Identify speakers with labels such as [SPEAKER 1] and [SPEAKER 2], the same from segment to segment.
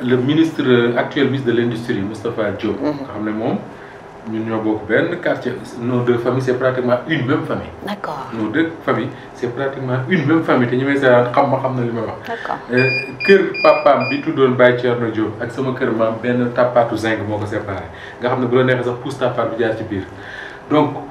[SPEAKER 1] le ministre euh, actuel ministre de l'industrie Mustapha Diop. Mhm. nga xam ne moom ñun ñoo bokk benn quartier nos deux familles c'est pratiquement une même famille. d'accord nos deux familles c'est pratiquement une même famille ñu may xam ma xam na li may wax. d'accord euh, kër papaam bi tudon Baye cherno Diop ak sama kër maam ben tapatu zinc moo ko séparé nga xamne bu la neexee sax pousse tappaat bi jaar ci biir donc.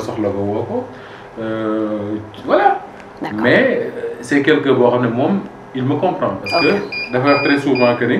[SPEAKER 1] soxla ko woo ko euh, voilà. mais euh, c'est quelques boo xam ne moom il me comprend. parce que dafa très souvent que ni.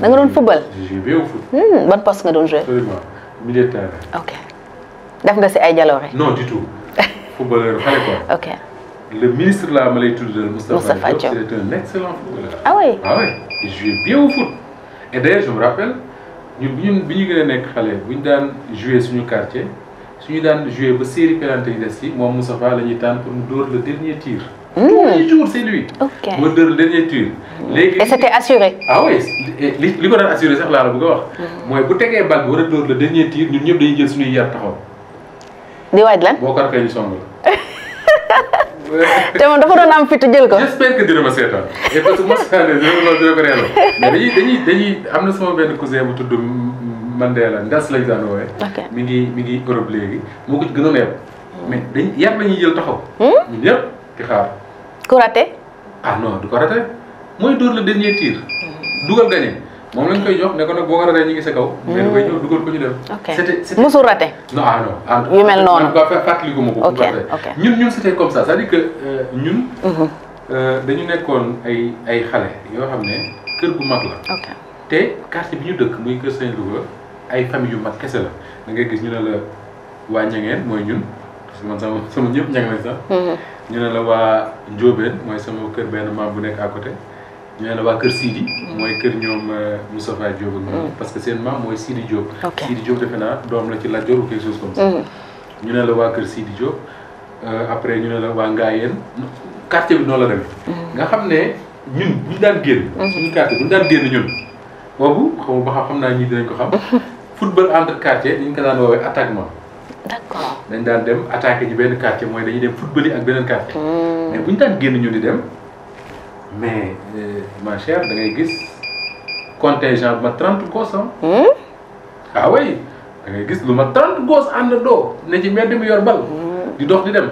[SPEAKER 1] da nga doon football. j'ai joué au foot. Hmm, ban poste nga doon joué. absolument ok def nga si ay jaloore. non du tout. footballeur xale quoi. ok le ministre de la lay Moustapha Diop c'est un excellent footballeur. ah oui ah oui il jouait bien au foot. et d'ailleurs je me rappelle quand bi ñu bi ñu gën a nekk xale daan jouer suñu quartier suñu ñu daan joué ba série pénalité yi des ci moom Moustapha la ñuy tànn pour mu dóor le dernier tir. Hmm. tous les jours c'est lui. ok mu dóor le dernier tir. Hmm. léegi et c'était assuré. ah oui li li ko daan assuré sax laa la bëgg a wax. Hmm. mooy bu tegee bal bi war a dóor le dernier tir ñun ñëpp dañuy jël suñuy yar taxaw. di waaj lan boo kay rafetlu song la. te moom dafa doon am fit jël ko. j'espère que dina ma seetaan et parce que mos naa ko reeloo mais dañuy dañuy am na sama benn cousin bu tudd Mandela Ndas lañ daan woowee. mi ngi mi ngi Europe léegi moo ko gënoon yab. Hmm. mais dañ yab la ñuy jël taxaw. Hmm? ñun ñëpp di xaar. ku raté. ah non du ko raté mooy dóor le dernier hmm. dugal gagné. moom lañ koy jox ne ko nag boo ko raree ñu ngi sa kaw. Hmm. ñu dem. musul raté. non ah non ah. yu mel noonu en tout cas fàttaliku ma ko. ok ok ñun ñun c'était comme ça c'est-à-dire que euh, mm-hmm. euh, ay ay xale yoo xam ne kër gu te quartier bi ñu dëkk muy ay famille yu mag kese la da ngay gis ñu ne la waa Ñangeen mooy ñun parce que man sama sama ñëpp sax. Mm-hmm. ñu ne la waa Njóobeen mooy sama kër benn maam bu nekk à côté. ñoo ne waa kër Sidi. Mm. mooy kër ñoom euh, Moustapha Diop ak ñoom. Mm. parce que seen maam mooy Sidi Diop. ok Sidi Diop doom la ci Lat Dior ou quelque mm. ñu ne la waa kër Sidi Diop euh, après ñu ne la waa Ngaayeen quartier bi noonu la demee. nga xam ne ñun bu ñu daan génn. suñu quartier bu ñu daan génn ñun. boobu xaw ba xam naa ñii dinañ ko xam. football entre quartier ñu ngi ko daan woowee attaquement. d'accord dañ daan dem attaqué ji benn quartier mooy dañu dem football yi ak beneen quartier. mais bu ñu daan génn ñu di dem. mais euh, ma chère da ngay gis contingent bu ma trent gosses am hmm? ah oui da ngay gis lu ma trente gosses àndandoo ne ci mbedd mi yor bal. Hmm. di dox di dem.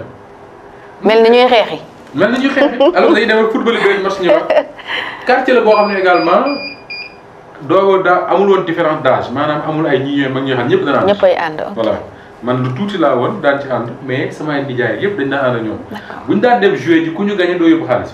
[SPEAKER 1] mel na ñuy xeexi. mel ni ñuy xeexi alors dañuy demal football bi rek match ñëwaat quartier la boo xam ne également doo daa amul woon différence d'âge maanaam amul ay ñi ñooy mag ñoo xam ñëpp dana. ñëppay ànd voilà. man lu daan yëpp dañ daan ànd ak ñoom. buñ daan dem jouer ji ku ñu gagné doo yóbbu xaalis